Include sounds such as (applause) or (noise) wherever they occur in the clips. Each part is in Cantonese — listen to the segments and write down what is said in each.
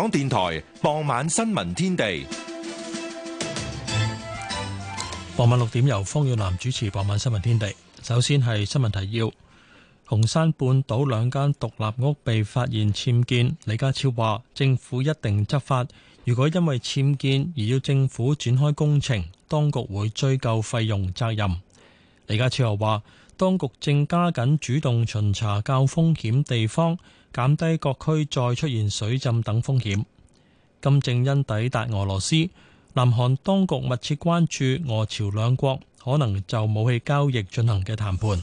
香港電台傍晚新聞天地，傍晚六點由方遠南主持。傍晚新聞天地，首先係新聞提要：紅山半島兩間獨立屋被發現僭建，李家超話政府一定執法。如果因為僭建而要政府展開工程，當局會追究費用責任。李家超又話，當局正加緊主動巡查較風險地方。減低各區再出現水浸等風險。金正恩抵達俄羅斯，南韓當局密切關注俄朝兩國可能就武器交易進行嘅談判。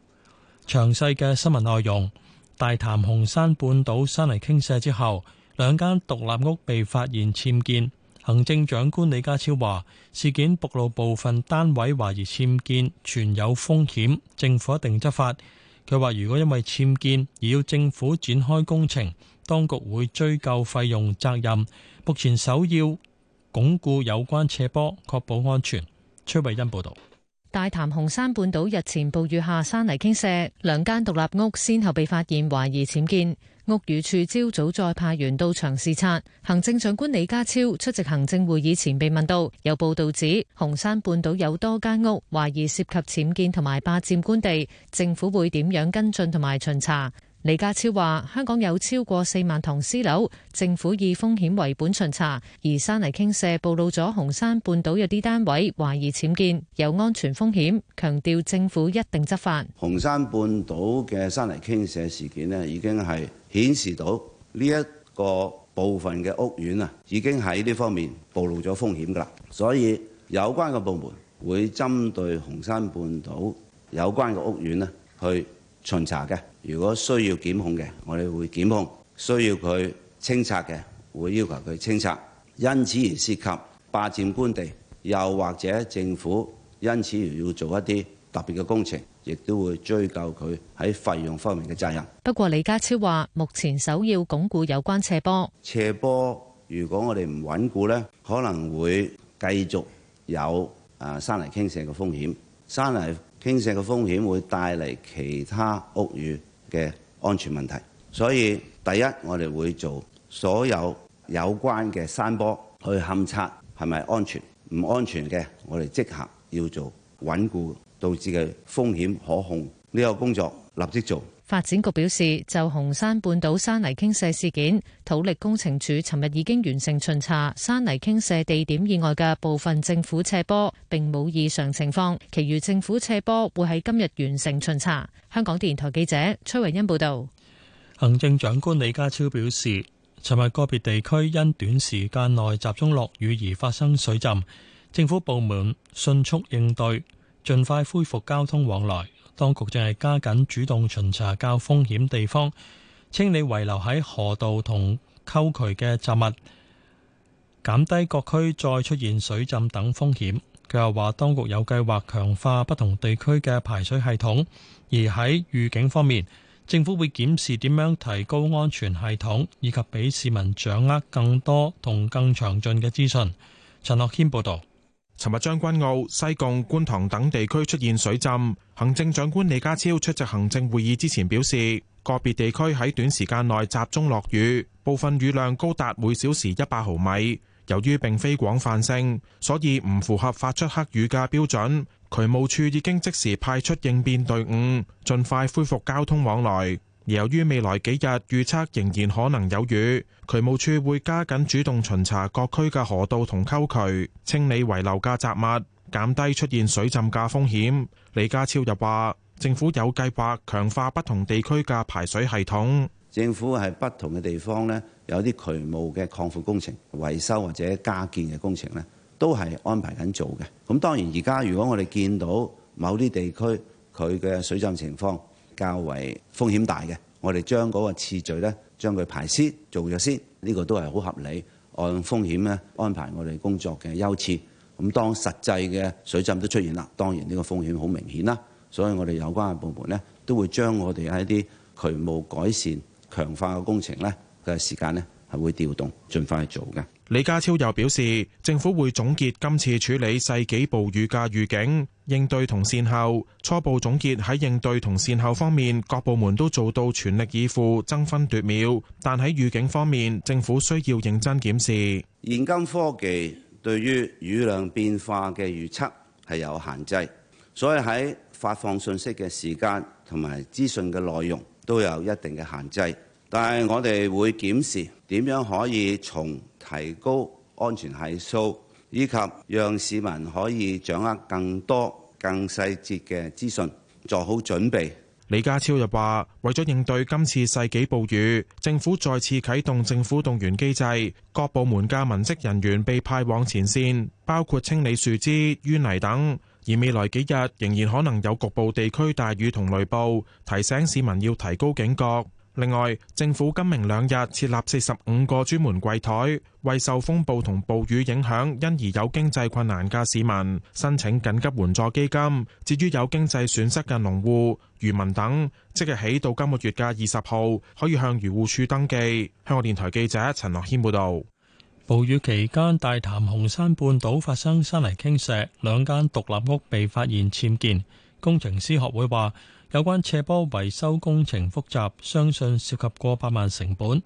(noise) 詳細嘅新聞內容。大潭紅山半島山泥傾瀉之後，兩間獨立屋被發現僭建。行政長官李家超話，事件暴露部分單位懷疑僭建，存有風險，政府一定執法。佢話：如果因為僭建而要政府展開工程，當局會追究費用責任。目前首要鞏固有關斜坡，確保安全。崔慧欣報導。大潭紅山半島日前暴雨下山泥傾瀉，兩間獨立屋先後被發現懷疑僭建，屋宇署朝早再派員到場視察。行政長官李家超出席行政會議前被問到，有報導指紅山半島有多間屋懷疑涉及僭建同埋霸佔官地，政府會點樣跟進同埋巡查？李家超話香港有超過四萬幢私樓，政府以風險為本巡查，而山泥傾瀉暴露咗紅山半島有啲單位懷疑僭建，有安全風險，強調政府一定執法。紅山半島嘅山泥傾瀉事件咧，已經係顯示到呢一個部分嘅屋苑啊，已經喺呢方面暴露咗風險噶啦。所以有關嘅部門會針對紅山半島有關嘅屋苑咧，去。巡查嘅，如果需要檢控嘅，我哋會檢控；需要佢清拆嘅，會要求佢清拆。因此而涉及霸佔官地，又或者政府因此而要做一啲特別嘅工程，亦都會追究佢喺費用方面嘅責任。不過，李家超話：目前首要鞏固有關斜坡。斜坡如果我哋唔穩固呢，可能會繼續有誒、啊、山泥傾瀉嘅風險。山泥傾斜嘅風險會帶嚟其他屋宇嘅安全問題，所以第一，我哋會做所有有關嘅山坡去勘測係咪安全，唔安全嘅我哋即刻要做穩固，導致嘅風險可控，呢個工作立即做。發展局表示，就紅山半島山泥傾瀉事件，土力工程處尋日已經完成巡查，山泥傾瀉地點以外嘅部分政府斜坡並冇異常情況，其餘政府斜坡會喺今日完成巡查。香港電台記者崔慧恩報道。行政長官李家超表示，尋日個別地區因短時間內集中落雨而發生水浸，政府部門迅速應對，盡快恢復交通往來。當局正係加緊主動巡查高風險地方，清理遺留喺河道同溝渠嘅雜物，減低各區再出現水浸等風險。佢又話，當局有計劃強化不同地區嘅排水系統，而喺預警方面，政府會檢視點樣提高安全系統，以及俾市民掌握更多同更詳盡嘅資訊。陳樂軒報導。尋日將軍澳、西貢、觀塘等地區出現水浸，行政長官李家超出席行政會議之前表示，個別地區喺短時間內集中落雨，部分雨量高達每小時一百毫米。由於並非廣泛性，所以唔符合發出黑雨嘅標準。渠務處已經即時派出應變隊伍，盡快恢復交通往來。由於未來幾日預測仍然可能有雨，渠務署會加緊主動巡查各區嘅河道同溝渠，清理遺留嘅雜物，減低出現水浸嘅風險。李家超又話：政府有計劃強化不同地區嘅排水系統。政府喺不同嘅地方咧，有啲渠務嘅擴闊工程、維修或者加建嘅工程咧，都係安排緊做嘅。咁當然而家如果我哋見到某啲地區佢嘅水浸情況較為風險大嘅，我哋將嗰個次序呢，將佢排先做咗先，呢個都係好合理。按風險呢安排我哋工作嘅優次。咁、嗯、當實際嘅水浸都出現啦，當然呢個風險好明顯啦。所以我哋有關嘅部門呢，都會將我哋喺啲渠務改善強化嘅工程呢，嘅時間呢，係會調動盡快去做嘅。李家超又表示，政府會總結今次處理世紀暴雨嘅預警、應對同善後。初步總結喺應對同善後方面，各部門都做到全力以赴、爭分奪秒。但喺預警方面，政府需要認真檢視。現今科技對於雨量變化嘅預測係有限制，所以喺發放信息嘅時間同埋資訊嘅內容都有一定嘅限制。但係我哋會檢視點樣可以從提高安全係數，以及讓市民可以掌握更多、更細節嘅資訊，做好準備。李家超又話，為咗應對今次世紀暴雨，政府再次啟動政府動員機制，各部門嘅文職人員被派往前線，包括清理樹枝、淤泥等。而未來幾日仍然可能有局部地區大雨同雷暴，提醒市民要提高警覺。另外，政府今明兩日設立四十五個專門櫃枱，為受風暴同暴雨影響因而有經濟困難嘅市民申請緊急援助基金。至於有經濟損失嘅農戶、漁民等，即日起到今個月嘅二十號，可以向漁護署登記。香港電台記者陳樂軒報導。暴雨期間，大潭紅山半島發生山泥傾瀉，兩間獨立屋被發現僭建。工程師學會話，有關斜坡維修工程複雜，相信涉及過百萬成本。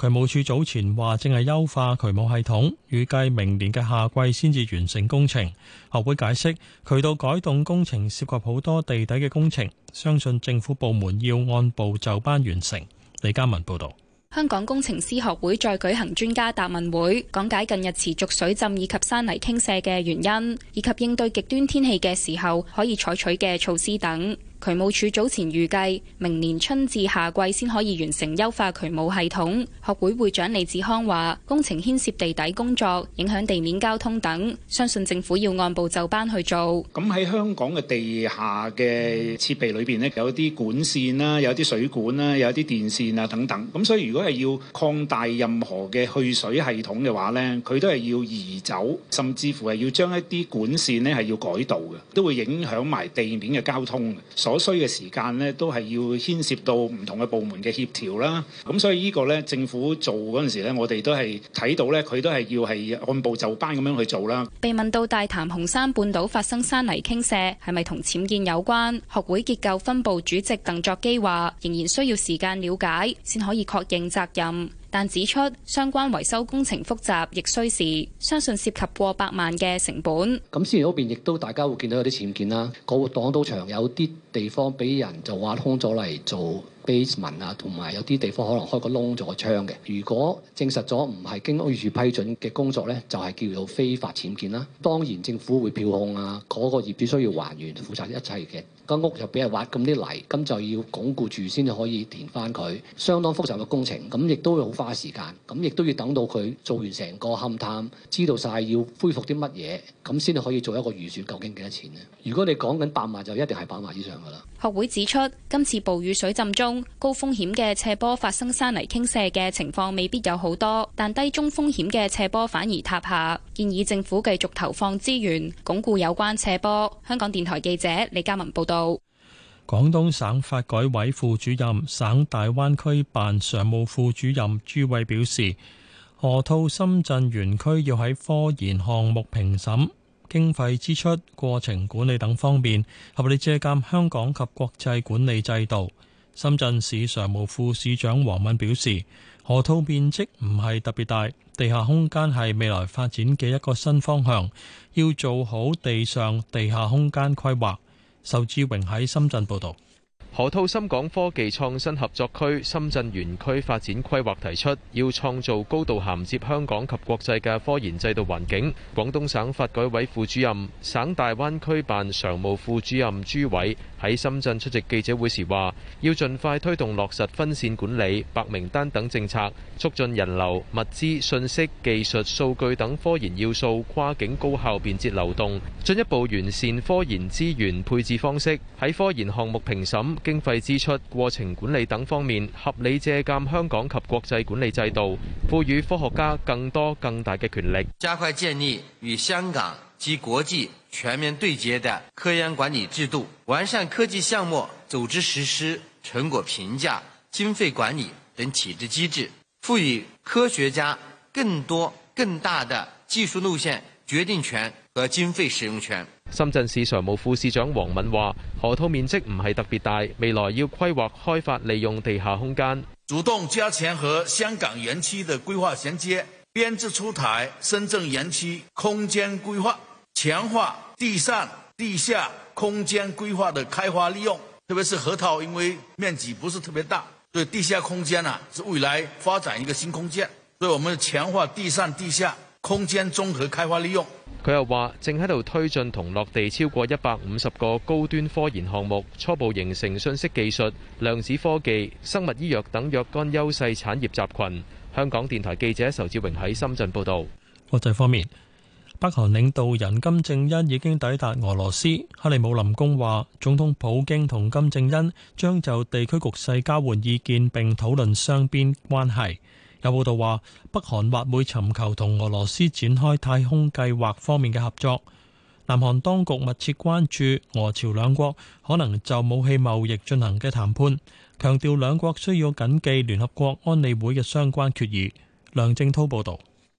渠務署早前話正係優化渠務系統，預計明年嘅夏季先至完成工程。學會解釋渠道改動工程涉及好多地底嘅工程，相信政府部門要按部就班完成。李嘉文報道。香港工程師學會再舉行專家答問會，講解近日持續水浸以及山泥傾瀉嘅原因，以及應對極端天氣嘅時候可以採取嘅措施等。渠務署早前預計，明年春至夏季先可以完成優化渠務系統。學會會長李志康話：工程牽涉地底工作，影響地面交通等，相信政府要按部就班去做。咁喺香港嘅地下嘅設備裏邊呢，有一啲管線啦，有啲水管啦，有啲電線啊等等。咁所以如果係要擴大任何嘅去水系統嘅話呢，佢都係要移走，甚至乎係要將一啲管線呢係要改道嘅，都會影響埋地面嘅交通。所需嘅時間咧，都係要牽涉到唔同嘅部門嘅協調啦。咁所以呢個咧，政府做嗰陣時咧，我哋都係睇到咧，佢都係要係按部就班咁樣去做啦。被問到大潭紅山半島發生山泥傾瀉係咪同僭建有關，學會結構分部主席鄧作基話：仍然需要時間了解，先可以確認責任。但指出相關維修工程複雜，亦需時，相信涉及過百萬嘅成本。咁先嗰邊亦都大家會見到有啲僭建啦，嗰個擋土牆有啲地方俾人就挖空咗嚟做 basement 啊，同埋有啲地方可能開個窿做個窗嘅。如果證實咗唔係經屋宇批准嘅工作咧，就係、是、叫做非法僭建啦。當然政府會票控啊，嗰、那個業主需要還原，負責一切嘅。間屋又俾人挖咁啲泥，咁就要鞏固住先至可以填翻佢，相當複雜嘅工程，咁亦都會好花時間，咁亦都要等到佢做完成個勘探，知道晒要恢復啲乜嘢，咁先至可以做一個預算，究竟幾多錢呢？如果你講緊百萬，就一定係百萬以上噶啦。學會指出，今次暴雨水浸中，高風險嘅斜坡發生山泥傾瀉嘅情況未必有好多，但低中風險嘅斜坡反而塌下，建議政府繼續投放資源鞏固有關斜坡。香港電台記者李嘉文報道。廣東省發改委副主任、省大灣區辦常務副主任朱偉表示，河套深圳園區要喺科研項目評審、經費支出、過程管理等方面合理借鑒香港及國際管理制度。深圳市常務副市長黃敏表示，河套面積唔係特別大，地下空間係未來發展嘅一個新方向，要做好地上、地下空間規劃。受志榮喺深圳報道。河套深港科技創新合作區深圳園區發展規劃提出，要創造高度銜接香港及國際嘅科研制度環境。廣東省發改委副主任、省大灣區辦常務副主任朱偉喺深圳出席記者會時話，要盡快推動落實分線管理、白名單等政策，促進人流、物資、信息、技術、數據等科研要素跨境高效便捷流動，進一步完善科研資源配置方式，喺科研項目評審。經費支出、過程管理等方面，合理借鑒香港及國際管理制度，賦予科學家更多更大嘅權力，加快建立與香港及國際全面對接的科研管理制度，完善科技項目組織實施、成果評價、經費管理等體制機制，賦予科學家更多更大的技術路線決定權和經費使用權。深圳市常務副市長黃敏話，河套面積唔係特別大，未來要規劃開發利用地下空間，主動加強和香港園區的規劃銜接，編制出台深圳園區空間規劃，強化地上地下空間規劃的開發利用。特別是河套，因為面積不是特別大，所以地下空間啊，是未來發展一個新空間，所以我們強化地上地下空間綜合開發利用。佢又話：正喺度推進同落地超過一百五十個高端科研項目，初步形成信息技術、量子科技、生物醫藥等若干優勢產業集群。香港電台記者仇志榮喺深圳報導。國際方面，北韓領導人金正恩已經抵達俄羅斯。克里姆林宮話，總統普京同金正恩將就地區局勢交換意見並討論雙邊關係。有報道話，北韓或會尋求同俄羅斯展開太空計劃方面嘅合作。南韓當局密切關注俄朝兩國可能就武器貿易進行嘅談判，強調兩國需要謹記聯合國安理會嘅相關決議。梁正滔報道，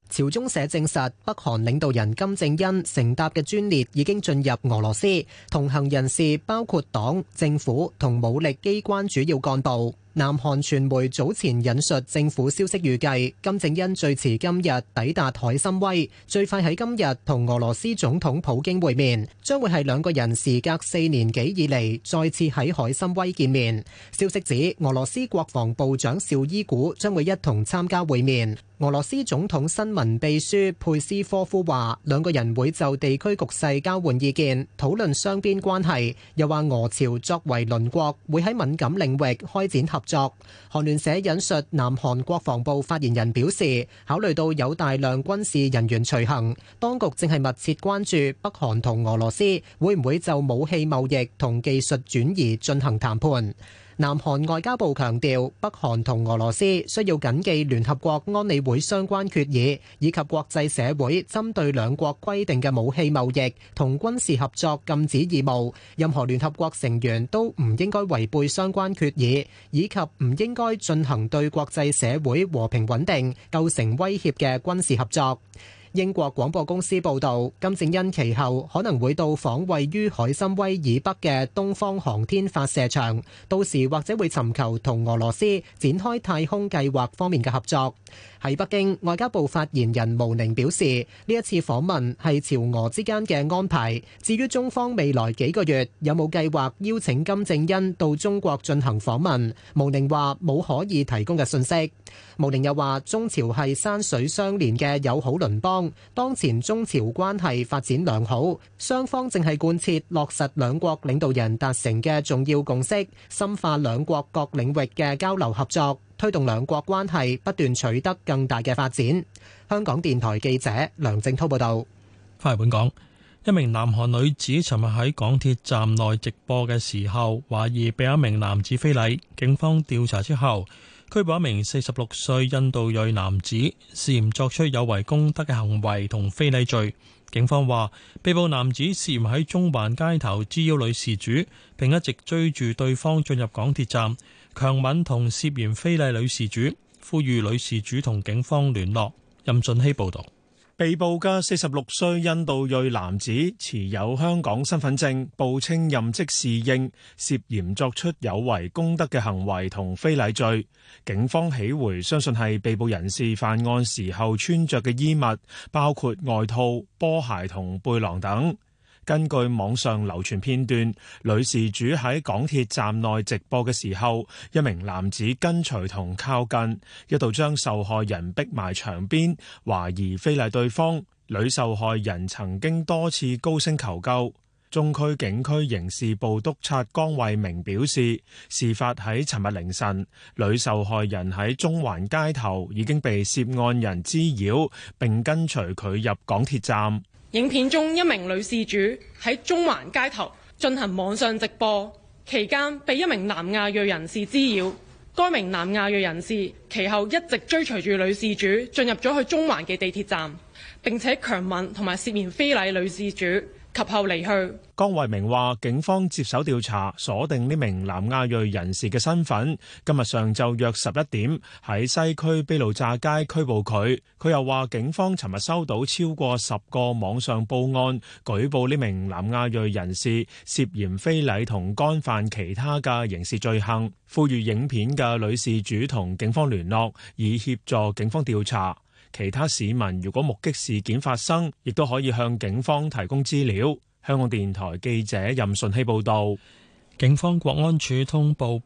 朝中社證實，北韓領導人金正恩乘搭嘅專列已經進入俄羅斯，同行人士包括黨、政府同武力機關主要幹部。南韓傳媒早前引述政府消息預計，金正恩最遲今日抵達海參崴，最快喺今日同俄羅斯總統普京會面，將會係兩個人時隔四年幾以嚟再次喺海參崴見面。消息指，俄羅斯國防部長邵伊古將會一同參加會面。俄羅斯總統新聞秘書佩斯科夫話：兩個人會就地區局勢交換意見，討論雙邊關係。又話俄朝作為鄰國，會喺敏感領域開展合作。韓聯社引述南韓國防部發言人表示，考慮到有大量軍事人員隨行，當局正係密切關注北韓同俄羅斯會唔會就武器貿易同技術轉移進行談判。南韓外交部強調，北韓同俄羅斯需要緊記聯合國安理會相關決議，以及國際社會針對兩國規定嘅武器貿易同軍事合作禁止義務。任何聯合國成員都唔應該違背相關決議，以及唔應該進行對國際社會和平穩定構成威脅嘅軍事合作。英國廣播公司報導，金正恩其後可能會到訪位於海參崴以北嘅東方航天發射場，到時或者會尋求同俄羅斯展開太空計劃方面嘅合作。喺北京，外交部發言人毛寧表示，呢一次訪問係朝俄之間嘅安排。至於中方未來幾個月有冇計劃邀請金正恩到中國進行訪問，毛寧話冇可以提供嘅信息。毛寧又話，中朝係山水相連嘅友好鄰邦。當前中朝關係發展良好，雙方正係貫徹落實兩國領導人達成嘅重要共識，深化兩國各領域嘅交流合作，推動兩國關係不斷取得更大嘅發展。香港電台記者梁正濤報道。翻嚟本港，一名南韓女子尋日喺港鐵站內直播嘅時候，懷疑被一名男子非禮，警方調查之後。拘捕一名四十六歲印度裔男子，涉嫌作出有違公德嘅行為同非禮罪。警方話，被捕男子涉嫌喺中環街頭滋擾女事主，並一直追住對方進入港鐵站，強吻同涉嫌非禮女事主。呼籲女事主同警方聯絡。任俊熙報道。被捕嘅四十六歲印度裔男子持有香港身份證，報稱任職侍應，涉嫌作出有違公德嘅行為同非禮罪。警方起回相信係被捕人士犯案時候穿着嘅衣物，包括外套、波鞋同背囊等。根據網上流傳片段，女事主喺港鐵站內直播嘅時候，一名男子跟隨同靠近，一度將受害人逼埋牆邊，懷疑非禮對方。女受害人曾經多次高聲求救。中區警區刑事部督察江慧明表示，事發喺尋日凌晨，女受害人喺中環街頭已經被涉案人滋擾，並跟隨佢入港鐵站。影片中一名女事主喺中環街頭進行網上直播，期間被一名南亞裔人士滋擾。該名南亞裔人士其後一直追隨住女事主，進入咗去中環嘅地鐵站，並且強吻同埋涉嫌非禮女事主。及後離去。江慧明話：警方接手調查，鎖定呢名南亞裔人士嘅身份。今日上晝約十一點喺西區卑路乍街拘捕佢。佢又話：警方尋日收到超過十個網上報案，舉報呢名南亞裔人士涉嫌非禮同干犯其他嘅刑事罪行。呼籲影片嘅女事主同警方聯絡，以協助警方調查。其他市民如果目擊事件發生，亦都可以向警方提供資料。香港電台記者任順希報道。警方國安處通報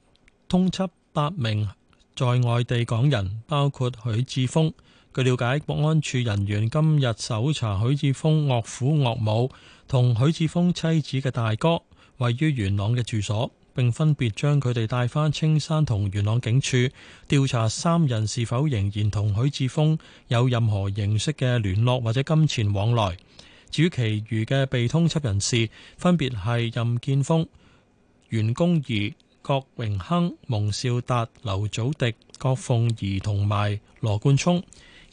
通緝八名在外地港人，包括許智峰。據了解，國安處人員今日搜查許智峰岳父岳母同許智峰妻子嘅大哥位於元朗嘅住所。並分別將佢哋帶返青山同元朗警署調查，三人是否仍然同許智峰有任何形式嘅聯絡或者金錢往來。至於其餘嘅被通緝人士，分別係任建峰、袁弓夷、郭榮鏗、蒙兆達、劉祖迪、郭鳳儀同埋羅冠聰。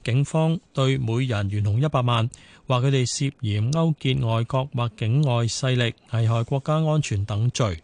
警方對每人懸紅一百萬，話佢哋涉嫌勾結外國或境外勢力危害國家安全等罪。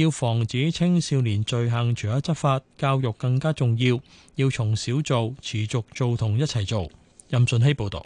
要防止青少年罪行，除咗執法，教育更加重要。要從小做，持續做，同一齊做。任舜熙報道。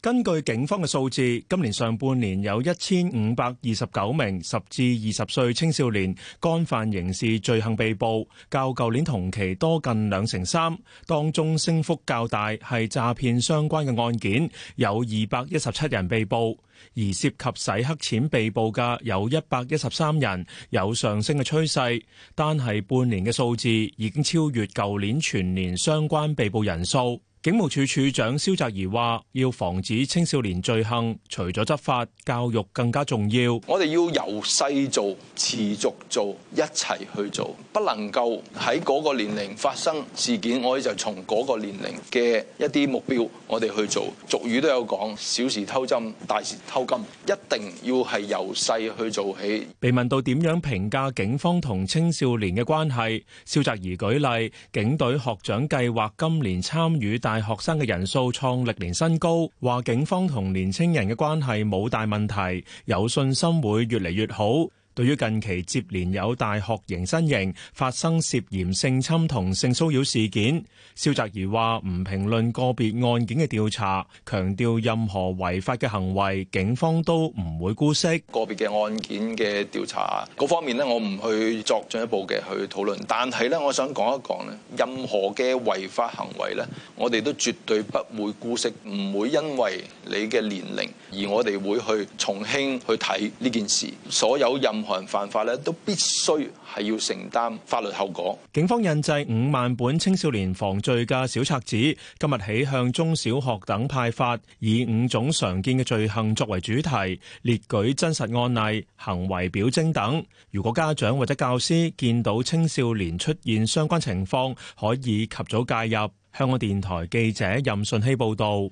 根據警方嘅數字，今年上半年有一千五百二十九名十至二十歲青少年干犯刑事罪行被捕，較舊年同期多近兩成三。當中升幅較大係詐騙相關嘅案件，有二百一十七人被捕，而涉及洗黑錢被捕嘅有一百一十三人，有上升嘅趨勢。單係半年嘅數字已經超越舊年全年相關被捕人數。警務處處長蕭澤頤話，要防止青少年罪行，除咗執法，教育更加重要。我哋要由細做，持續做，一齊去做，不能夠喺嗰個年齡發生事件，我哋就從嗰個年齡嘅一啲目標，我哋去做。俗語都有講，小時偷針，大時偷金，一定要係由細去做起。被問到點樣評價警方同青少年嘅關係，蕭澤頤舉例，警隊學長計劃今年參與大學生嘅人數創歷年新高，話警方同年青人嘅關係冇大問題，有信心會越嚟越好。對於近期接連有大學迎新營發生涉嫌性侵同性騷擾事件，蕭澤頤話唔評論個別案件嘅調查，強調任何違法嘅行為，警方都唔會姑息。個別嘅案件嘅調查嗰方面咧，我唔去作進一步嘅去討論。但係咧，我想講一講咧，任何嘅違法行為咧，我哋都絕對不會姑息，唔會因為你嘅年齡而我哋會去從輕去睇呢件事。所有任犯法咧，都必須係要承擔法律後果。警方印製五萬本青少年防罪嘅小冊子，今日起向中小學等派發，以五種常見嘅罪行作為主題，列舉真實案例、行為表徵等。如果家長或者教師見到青少年出現相關情況，可以及早介入。香港電台記者任信希報道。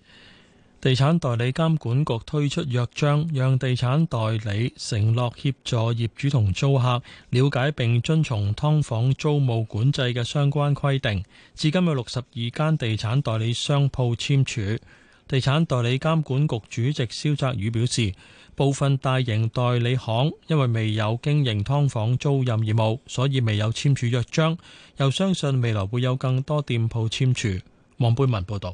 地產代理監管局推出約章，讓地產代理承諾協助業主同租客了解並遵從劏房租務管制嘅相關規定。至今有六十二間地產代理商鋪簽署。地產代理監管局主席蕭澤宇表示，部分大型代理行因為未有經營劏房租賃業務，所以未有簽署約章，又相信未來會有更多店鋪簽署。黃貝文報導。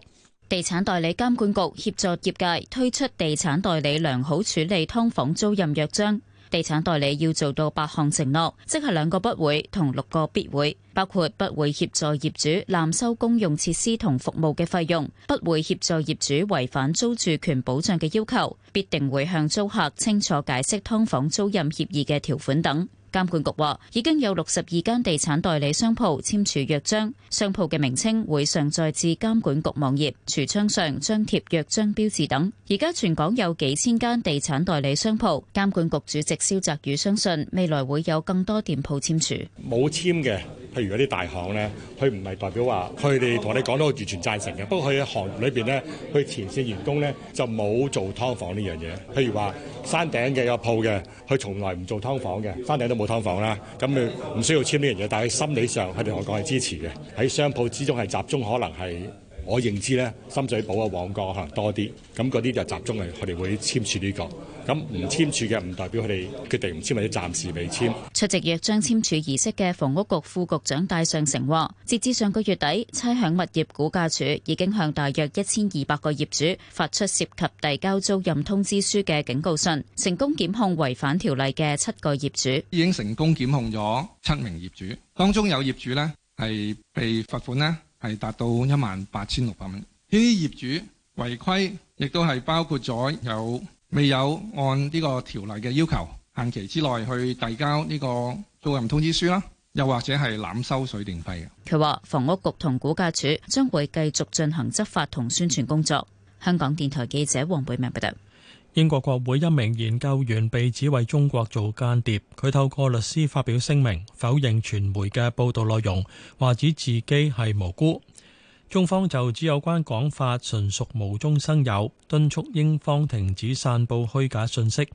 地產代理監管局協助業界推出地產代理良好處理劏房租賃約章，地產代理要做到八項承諾，即係兩個不會同六個必會，包括不會協助業主濫收公用設施同服務嘅費用，不會協助業主違反租住權保障嘅要求，必定會向租客清楚解釋劏房租賃協議嘅條款等。監管局話已經有六十二間地產代理商鋪簽署約章，商鋪嘅名稱會上載至監管局網頁，櫥窗上張貼約章標誌等。而家全港有幾千間地產代理商鋪，監管局主席蕭澤宇相信未來會有更多店鋪簽署。冇簽嘅，譬如嗰啲大行呢，佢唔係代表話佢哋同你講到完全贊成嘅，不過佢行裏邊呢，佢前線員工呢就冇做劏房呢樣嘢。譬如話山頂嘅有鋪嘅，佢從來唔做劏房嘅，山頂都冇。冇劏房啦，咁你唔需要簽呢樣嘢，但係心理上佢哋同我講係支持嘅，喺商鋪之中係集中可能係。我認知咧，深水埗嘅旺角可能多啲，咁嗰啲就集中係佢哋會簽署呢個，咁唔簽署嘅唔代表佢哋決定唔簽或者暫時未簽。出席約章簽署儀式嘅房屋局副局長戴尚成話：截至上個月底，差餉物業估價署已經向大約一千二百個業主發出涉及遞交租賃通知書嘅警告信，成功檢控違反條例嘅七個業主。已經成功檢控咗七名業主，當中有業主呢，係被罰款咧。係達到一萬八千六百蚊。呢啲業主違規，亦都係包括咗有未有按呢個條例嘅要求限期之內去遞交呢個租賃通知書啦，又或者係濫收水電費嘅。佢話房屋局同估價署將會繼續進行執法同宣傳工作。香港電台記者黃貝明報道。英國國會一名研究員被指為中國做間諜，佢透過律師發表聲明，否認傳媒嘅報道內容，話指自己係無辜。中方就指有關講法純屬無中生有，敦促英方停止散佈虛假信息。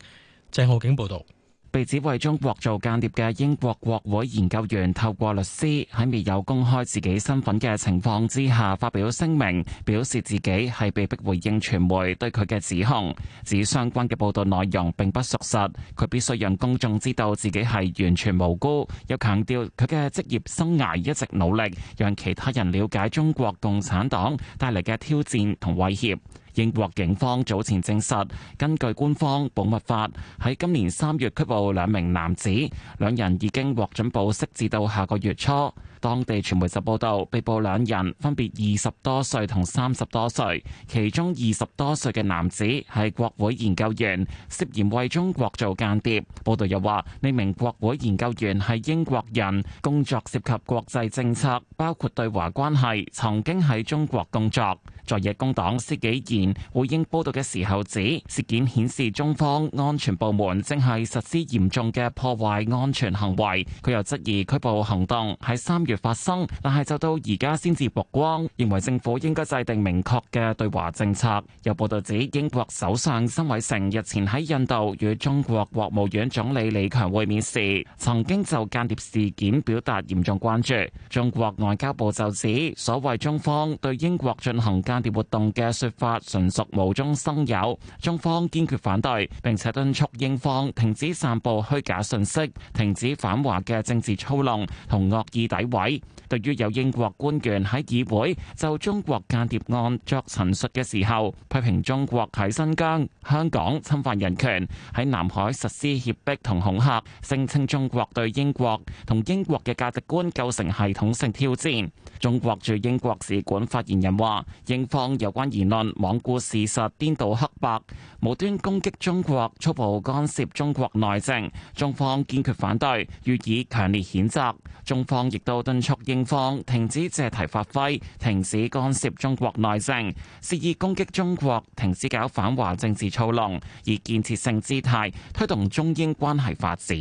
鄭浩景報道。被指為中國做間諜嘅英國國會研究員，透過律師喺未有公開自己身份嘅情況之下，發表聲明，表示自己係被逼回應傳媒對佢嘅指控，指相關嘅報道內容並不屬實，佢必須讓公眾知道自己係完全無辜，又強調佢嘅職業生涯一直努力讓其他人了解中國共產黨帶嚟嘅挑戰同威脅。英國警方早前證實，根據官方保密法，喺今年三月拘捕兩名男子，兩人已經獲准保釋至到下個月初。當地傳媒就報道，被捕兩人分別二十多歲同三十多歲，其中二十多歲嘅男子係國會研究員，涉嫌為中國做間諜。報道又話，呢名國會研究員係英國人，工作涉及國際政策，包括對華關係，曾經喺中國工作。在野工黨施紀賢回應報道嘅時候指，事件顯示中方安全部門正係實施嚴重嘅破壞安全行為。佢又質疑拘捕行動喺三月發生，但係就到而家先至曝光，認為政府應該制定明確嘅對華政策。有報道指，英國首相辛偉誠日前喺印度與中國國務院總理李強會面時，曾經就間諜事件表達嚴重關注。中國外交部就指，所謂中方對英國進行間間諜活動嘅說法純屬無中生有，中方堅決反對，並且敦促英方停止散佈虛假信息，停止反華嘅政治操弄，同惡意詆毀。對於有英國官員喺議會就中國間諜案作陳述嘅時候，批評中國喺新疆、香港侵犯人權，喺南海實施脅迫同恐嚇，聲稱中國對英國同英國嘅價值觀構成系統性挑戰。中國駐英國使館發言人話：英方有關言論罔顧事實、顛倒黑白、無端攻擊中國、粗暴干涉中國內政，中方堅決反對，予以強烈譴責。中方亦都敦促英情況，停止借題發揮，停止干涉中國內政，肆意攻擊中國，停止搞反華政治操弄，以建設性姿態推動中英關係發展。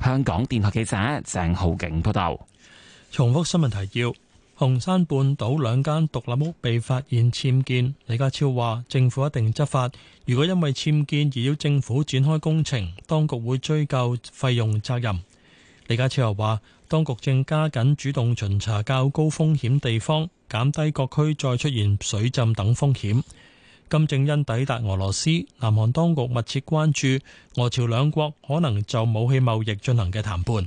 香港電台記者鄭浩景報道。重複新聞提要：紅山半島兩間獨立屋被發現僭建，李家超話政府一定執法。如果因為僭建而要政府展開工程，當局會追究費用責任。李家超又話。當局正加緊主動巡查較高風險地方，減低各區再出現水浸等風險。金正恩抵達俄羅斯，南韓當局密切關注俄朝兩國可能就武器貿易進行嘅談判。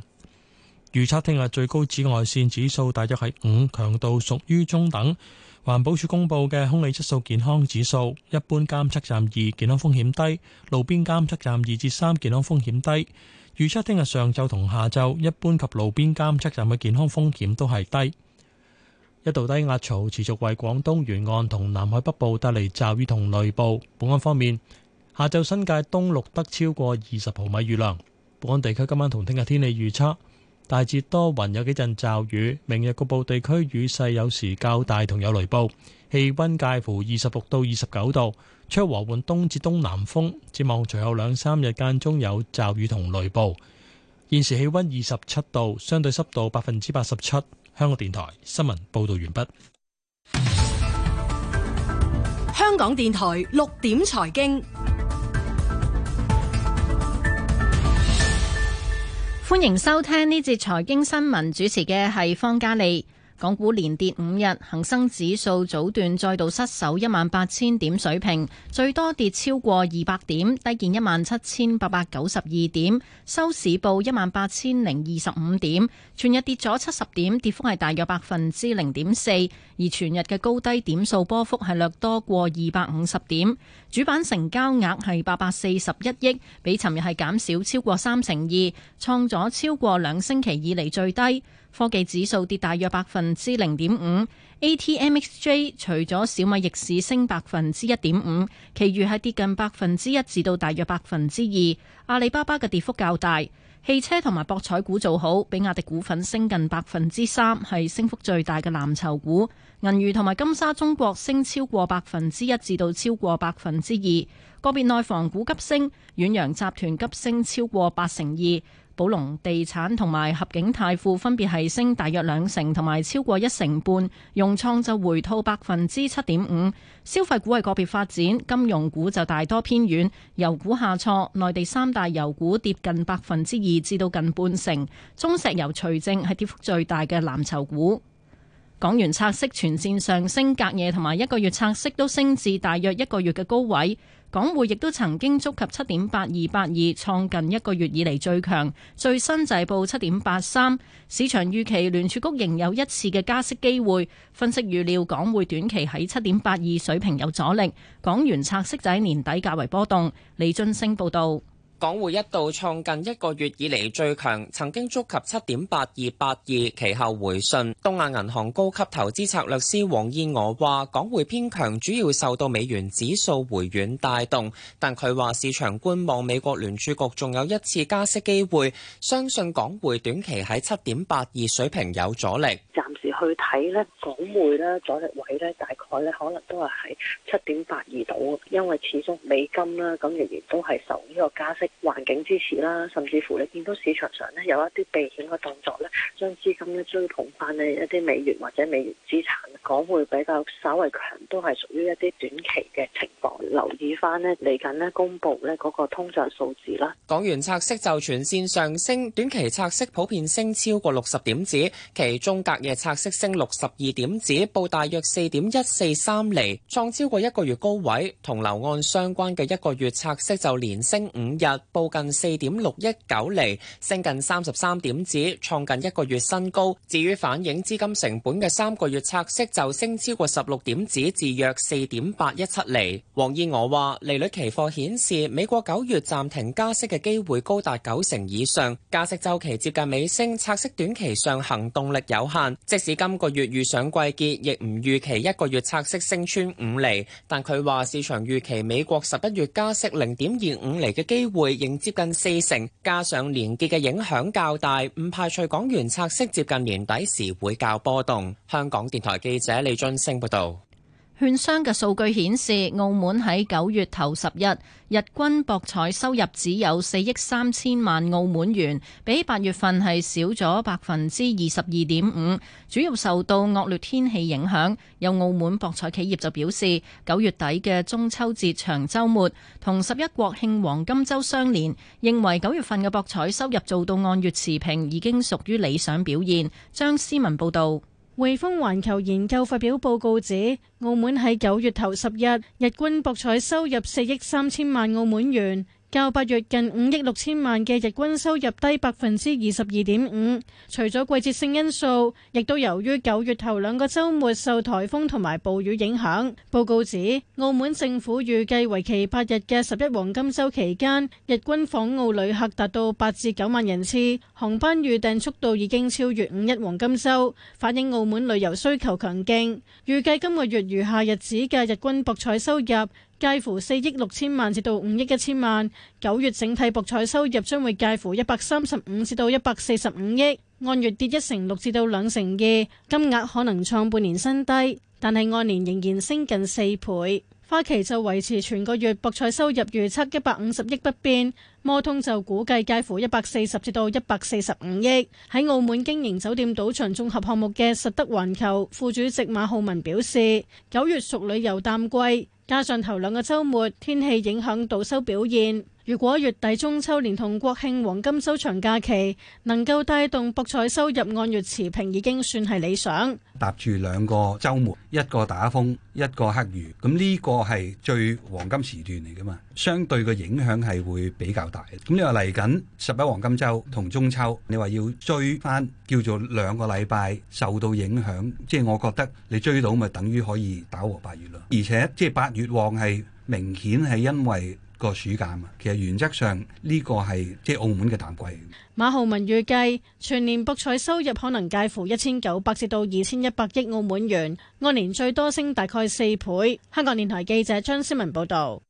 預測聽日最高紫外線指數大約係五，強度屬於中等。環保署公布嘅空氣質素健康指數，一般監測站二，健康風險低；路邊監測站二至三，3, 健康風險低。預測聽日上晝同下晝，一般及路邊監測站嘅健康風險都係低。一度低壓槽持續為廣東沿岸同南海北部帶嚟驟雨同雷暴。本港方面，下晝新界東錄得超過二十毫米雨量。本港地區今晚同聽日天氣預測，大致多雲，有幾陣驟雨。明日局部地區雨勢有時較大，同有雷暴。氣溫介乎二十六到二十九度。出和緩東至東南風，展望隨後兩三日間中有驟雨同雷暴。現時氣溫二十七度，相對濕度百分之八十七。香港電台新聞報道完畢。香港電台六點財經，歡迎收聽呢節財經新聞，主持嘅係方嘉利。港股連跌五日，恒生指數早段再度失守一萬八千點水平，最多跌超過二百點，低見一萬七千八百九十二點，收市報一萬八千零二十五點，全日跌咗七十點，跌幅係大約百分之零點四，而全日嘅高低點數波幅係略多過二百五十點，主板成交額係八百四十一億，比尋日係減少超過三成二，創咗超過兩星期以嚟最低。科技指數跌大約百分之零點五，A T M X J 除咗小米逆市升百分之一點五，其餘係跌近百分之一至到大約百分之二。阿里巴巴嘅跌幅較大，汽車同埋博彩股做好，比亞迪股份升近百分之三，係升幅最大嘅藍籌股，銀娛同埋金沙中國升超過百分之一至到超過百分之二，個別內房股急升，遠洋集團急升超過八成二。.寶龍地產同埋合景泰富分別係升大約兩成，同埋超過一成半。融創就回吐百分之七點五。消費股係個別發展，金融股就大多偏軟。油股下挫，內地三大油股跌近百分之二至到近半成。中石油除正係跌幅最大嘅藍籌股。港元拆息全線上升，隔夜同埋一個月拆息都升至大約一個月嘅高位。港匯亦都曾經觸及七點八二八二，創近一個月以嚟最強。最新就報七點八三，市場預期聯儲局仍有一次嘅加息機會。分析預料港匯短期喺七點八二水平有阻力，港元拆息喺年底較為波動。李俊升報導。港匯一度創近一個月以嚟最強，曾經觸及七點八二八二，其後回順，東亞銀行高級投資策略師黃燕娥話：港匯偏強主要受到美元指數回軟帶動，但佢話市場觀望美國聯儲局仲有一次加息機會，相信港匯短期喺七點八二水平有阻力。去睇咧港匯咧阻力位咧大概咧可能都係喺七點八二度，因為始終美金啦，咁仍然都係受呢個加息環境支持啦，甚至乎你見到市場上咧有一啲避險嘅動作咧，將資金咧追捧翻呢一啲美元或者美元資產，港匯比較稍為強，都係屬於一啲短期嘅情況，留意翻呢嚟緊呢公布咧嗰個通脹數字啦。港元拆息就全線上升，短期拆息普遍升超過六十點子，其中隔夜拆息。升六十二點子，報大約四點一四三厘，創超過一個月高位。同樓按相關嘅一個月拆息就連升五日，報近四點六一九厘，升近三十三點子，創近一個月新高。至於反映資金成本嘅三個月拆息就升超過十六點子，至約四點八一七厘。黃燕娥話：利率期貨顯示美國九月暫停加息嘅機會高達九成以上，加息周期接近尾聲，拆息短期上行動力有限，即使。今個月遇上季結，亦唔預期一個月拆息升穿五厘，但佢話市場預期美國十一月加息零點二五厘嘅機會仍接近四成，加上年結嘅影響較大，唔排除港元拆息接近年底時會較波動。香港電台記者李俊升報導。券商嘅數據顯示，澳門喺九月頭十日日均博彩收入只有四億三千萬澳門元，比八月份係少咗百分之二十二點五，主要受到惡劣天氣影響。有澳門博彩企業就表示，九月底嘅中秋節長周末同十一國慶黃金周相連，認為九月份嘅博彩收入做到按月持平已經屬於理想表現。張思文報道。匯豐環球研究發表報告指，澳門喺九月頭十一日日均博彩收入四億三千萬澳門元。較八月近五億六千萬嘅日均收入低百分之二十二點五，除咗季節性因素，亦都由於九月頭兩個周末受颱風同埋暴雨影響。報告指，澳門政府預計為期八日嘅十一黃金周期間，日均訪澳旅客達到八至九萬人次，航班預訂速度已經超越五一黃金周，反映澳門旅遊需求強勁。預計今個月餘下日子嘅日均博彩收入。介乎四億六千萬至到五億一千萬，九月整體博彩收入將會介乎一百三十五至到一百四十五億，按月跌一成六至到兩成二，金額可能創半年新低，但係按年仍然升近四倍。花旗就維持全個月博彩收入預測一百五十億不變，摩通就估計介乎一百四十至到一百四十五億。喺澳門經營酒店賭場綜合項目嘅實德環球副主席馬浩文表示，九月屬旅遊淡季。加上頭兩個週末天氣影響到收表現。如果月底中秋連同國慶黃金週長假期能夠帶動博彩收入按月持平，已經算係理想。搭住兩個週末，一個打風，一個黑雨，咁呢個係最黃金時段嚟噶嘛？相對嘅影響係會比較大。咁你話嚟緊十一黃金週同中秋，你話要追翻叫做兩個禮拜受到影響，即係我覺得你追到咪等於可以打和八月啦。而且即係八月旺係明顯係因為。個暑假嘛，其實原則上呢個係即係澳門嘅淡季。馬浩文預計全年博彩收入可能介乎一千九百至到二千一百億澳門元，按年最多升大概四倍。香港電台記者張思文報導。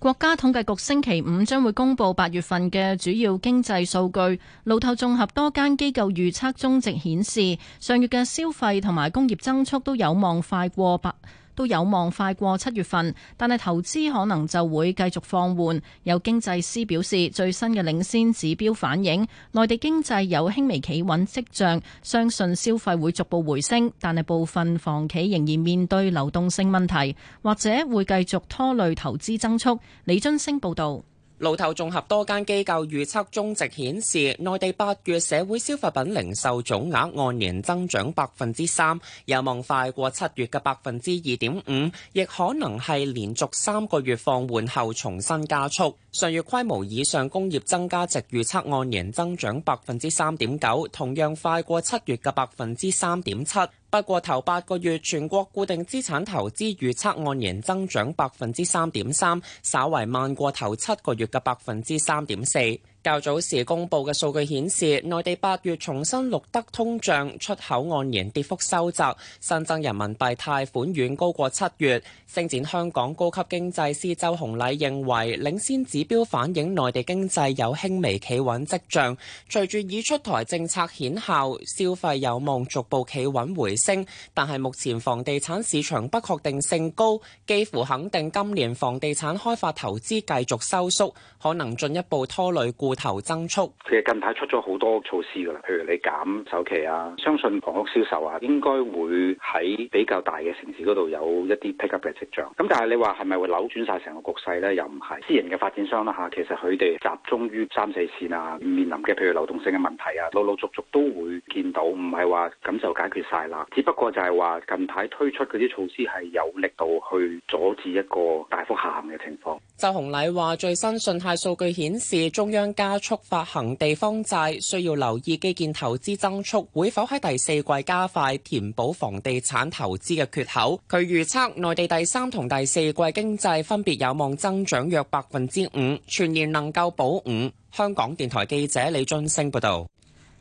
國家統計局星期五將會公布八月份嘅主要經濟數據。路透綜合多間機構預測中值顯示，上月嘅消費同埋工業增速都有望快過百。都有望快過七月份，但係投資可能就會繼續放緩，有經濟師表示，最新嘅領先指標反映內地經濟有輕微企穩迹象，相信消費會逐步回升，但係部分房企仍然面對流動性問題，或者會繼續拖累投資增速。李津升報道。路透綜合多間機構預測中值顯示，內地八月社會消費品零售總額按年增長百分之三，有望快過七月嘅百分之二點五，亦可能係連續三個月放緩後重新加速。上月規模以上工業增加值預測按年增長百分之三點九，同樣快過七月嘅百分之三點七。不過，頭八個月全國固定資產投資預測按年增長百分之三點三，稍為慢過頭七個月嘅百分之三點四。較早時公佈嘅數據顯示，內地八月重新錄得通脹，出口按年跌幅收窄，新增人民幣貸款遠高過七月。星展香港高級經濟師周洪禮認為，領先指標反映內地經濟有輕微企穩跡象，隨住已出台政策顯效，消費有望逐步企穩回升。但係目前房地產市場不確定性高，幾乎肯定今年房地產開發投資繼續收縮，可能進一步拖累。戶頭增速。其實近排出咗好多措施噶啦，譬如你減首期啊，相信房屋銷售啊，應該會喺比較大嘅城市嗰度有一啲 pick up 嘅跡象。咁但係你話係咪會扭轉晒成個局勢呢？又唔係。私人嘅發展商啦、啊、吓，其實佢哋集中於三四線啊、面臨嘅譬如流動性嘅問題啊，陸陸續續都會見到，唔係話咁就解決晒啦。只不過就係話近排推出嗰啲措施係有力度去阻止一個大幅下行嘅情況。周洪禮話最新信貸數據顯示，中央加速發行地方債需要留意基建投資增速會否喺第四季加快，填補房地產投資嘅缺口。佢預測內地第三同第四季經濟分別有望增長約百分之五，全年能夠保五。香港電台記者李津升報道。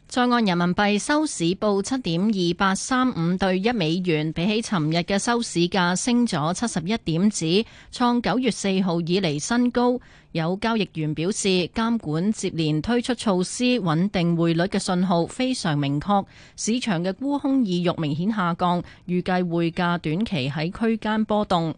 在岸人民幣收市報七點二八三五對一美元，比起尋日嘅收市價升咗七十一點子，創九月四號以嚟新高。有交易員表示，監管接連推出措施穩定匯率嘅信號非常明確，市場嘅沽空意欲明顯下降，預計匯價短期喺區間波動。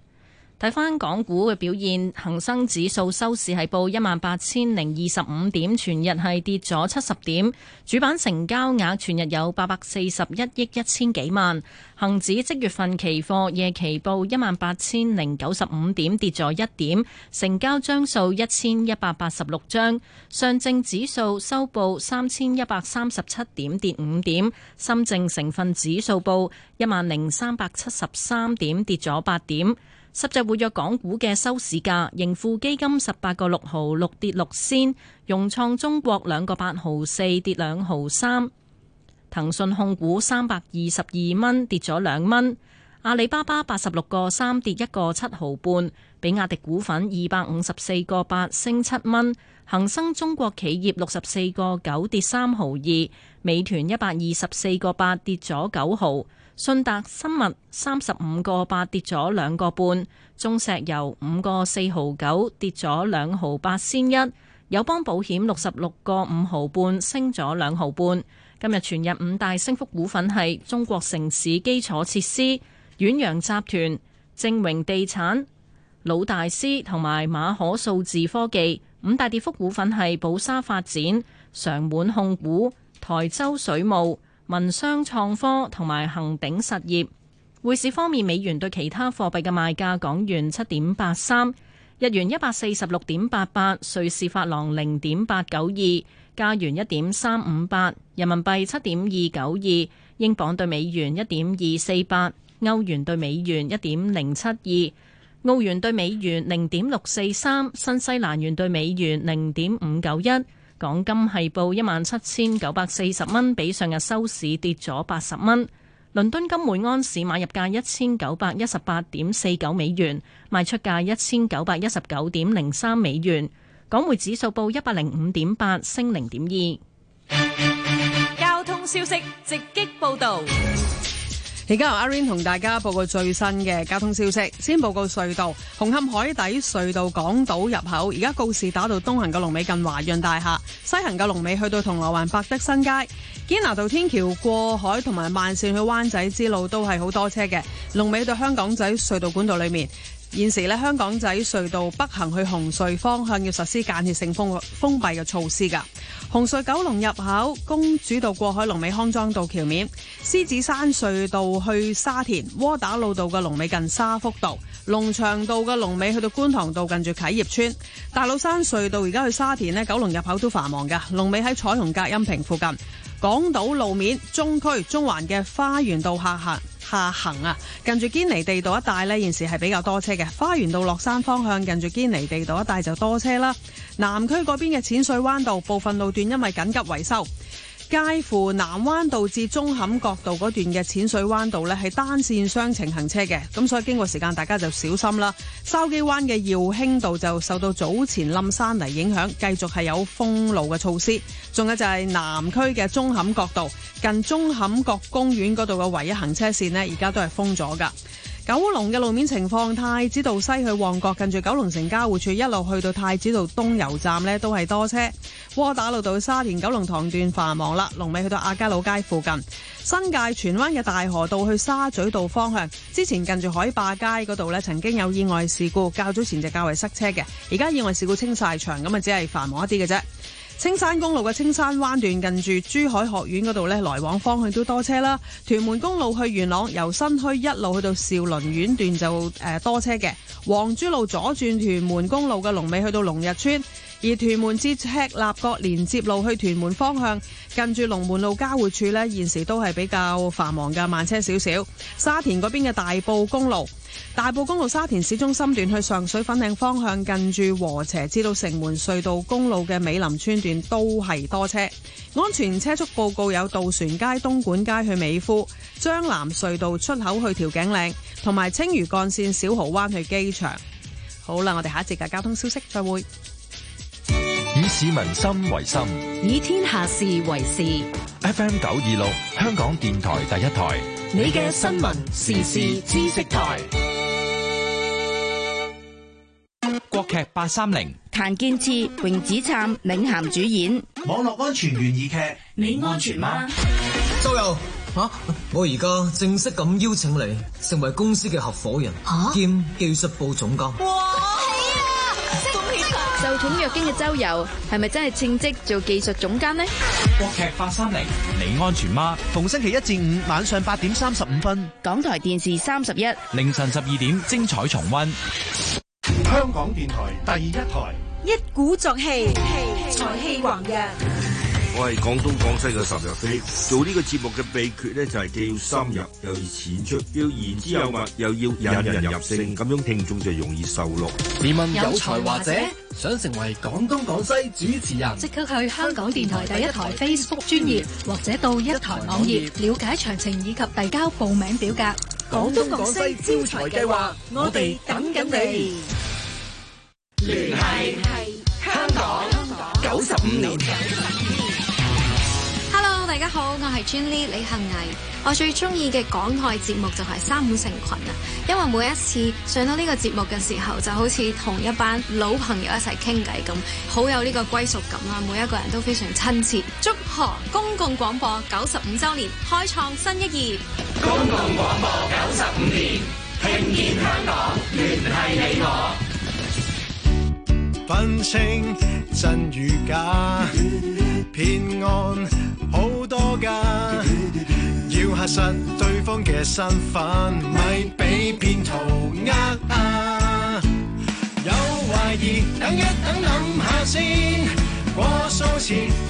睇翻港股嘅表現，恒生指數收市係報一萬八千零二十五點，全日係跌咗七十點。主板成交額全日有八百四十一億一千幾萬。恒指即月份期貨夜期報一萬八千零九十五點，跌咗一點，成交張數一千一百八十六張。上證指數收報三千一百三十七點，跌五點。深證成分指數報一萬零三百七十三點，跌咗八點。十隻活躍港股嘅收市價，盈富基金十八個六毫六跌六仙，融創中國兩個八毫四跌兩毫三，騰訊控股三百二十二蚊跌咗兩蚊，阿里巴巴八十六個三跌一個七毫半，比亞迪股份二百五十四個八升七蚊，恒生中國企業六十四個九跌三毫二，美團一百二十四個八跌咗九毫。信達生物三十五個八跌咗兩個半，中石油五個四毫九跌咗兩毫八先一，友邦保險六十六個五毫半升咗兩毫半。今日全日五大升幅股份係中國城市基礎設施、遠洋集團、正榮地產、魯大師同埋馬可數字科技；五大跌幅股份係寶沙發展、常滿控股、台州水務。民商創科同埋恒鼎實業。匯市方面，美元對其他貨幣嘅賣價：港元七點八三，日元一百四十六點八八，瑞士法郎零點八九二，加元一點三五八，人民幣七點二九二，英鎊對美元一點二四八，歐元對美元一點零七二，澳元對美元零點六四三，新西蘭元對美元零點五九一。港金係報一萬七千九百四十蚊，1, 7, 40, 比上日收市跌咗八十蚊。倫敦金每安士買入價一千九百一十八點四九美元，賣出價一千九百一十九點零三美元。港匯指數報一百零五點八，8, 升零點二。交通消息直擊報道。而家由阿 Rain 同大家報告最新嘅交通消息。先報告隧道，紅磡海底隧道港島入口，而家告示打到東行嘅龍尾近華潤大廈，西行嘅龍尾去到銅鑼灣百德新街。堅拿道天橋過海同埋慢線去灣仔之路都係好多車嘅，龍尾到香港仔隧道管道裏面。現時咧，香港仔隧道北行去紅隧方向要實施間歇性封封閉嘅措施噶，紅隧九龍入口、公主道過海、龍尾康莊道橋面、獅子山隧道去沙田、窩打老道嘅龍尾近沙福道。龍翔道嘅龍尾去到觀塘道，近住啟業村、大老山隧道，而家去沙田咧，九龍入口都繁忙噶。龍尾喺彩虹隔音屏附近，港島路面中區中環嘅花園道下行下行啊，近住堅尼地道一帶呢，現時係比較多車嘅。花園道落山方向，近住堅尼地道一帶就多車啦。南區嗰邊嘅淺水灣道部分路段因為緊急維修。介乎南灣道至舂坎角道嗰段嘅淺水灣道呢，係單綫雙程行車嘅，咁所以經過時間，大家就小心啦。筲箕灣嘅耀興道就受到早前冧山泥影響，繼續係有封路嘅措施。仲有就係南區嘅舂坎角道，近舂坎角公園嗰度嘅唯一行車綫呢，而家都係封咗㗎。九龍嘅路面情況，太子道西去旺角，近住九龍城交匯處一路去到太子道東油站咧，都係多車。窩打老道、沙田九龍塘段繁忙啦，龍尾去到亞皆老街附近。新界荃灣嘅大河道去沙咀道方向，之前近住海壩街嗰度咧，曾經有意外事故，較早前就較為塞車嘅，而家意外事故清晒場，咁啊只係繁忙一啲嘅啫。青山公路嘅青山灣段近住珠海學院嗰度咧，來往方向都多車啦。屯門公路去元朗，由新墟一路去到兆麟苑段就誒多車嘅。皇珠路左轉屯門公路嘅龍尾去到龍日村。而屯門至赤鱲角連接路去屯門方向，近住龍門路交匯處呢，現時都係比較繁忙嘅，慢車少少。沙田嗰邊嘅大埔公路、大埔公路沙田市中心段去上水粉嶺方向，近住和斜至到城門隧道公路嘅美林村段都係多車。安全車速報告有渡船街、東莞街去美孚、將南隧道出口去調景嶺，同埋青嶼幹線小蠔灣去機場。好啦，我哋下一節嘅交通消息，再會。市民心為心，以天下事為事。FM 九二六，香港電台第一台，你嘅新聞時事知識台。國劇八三零，譚建智、榮子參領銜主演。網絡安全懸疑劇，你安全嗎？周游，吓、啊，我而家正式咁邀請你成為公司嘅合伙人，啊、兼技術部總監。哇《寵若驚》嘅周遊係咪真係稱職做技術總監呢？國劇八三零，你安全嗎？逢星期一至五晚上八點三十五分，港台電視三十一凌晨十二點精彩重溫。香港電台第一台一鼓作氣，才氣橫溢。我係廣東廣西嘅岑日飛，做呢個節目嘅秘訣咧就係既要深入，又要淺出，要言之有物，又要引人入勝，咁樣聽眾就容易受落。自問有才華者，想成為廣東廣西主持人，即刻去香港電台第一台 Facebook 專頁，或者到一台網頁了解詳情以及遞交報名表格。廣東廣西招才計劃，我哋等緊你，聯繫香港九十五年。 (music) 大家好，我係 Jenny 李幸毅。我最中意嘅港台節目就係、是、三五成群啊！因為每一次上到呢個節目嘅時候，就好似同一班老朋友一齊傾偈咁，好有呢個歸屬感啊。每一個人都非常親切。祝賀公共廣播九十五周年，開創新一頁。公共廣播九十五年，聽見香港，聯繫你我，分清真與假，騙案。好多噶，叮要核實對方嘅身份，咪俾騙徒呃啊！叮叮 有懷疑，等一等，諗下先，過數前。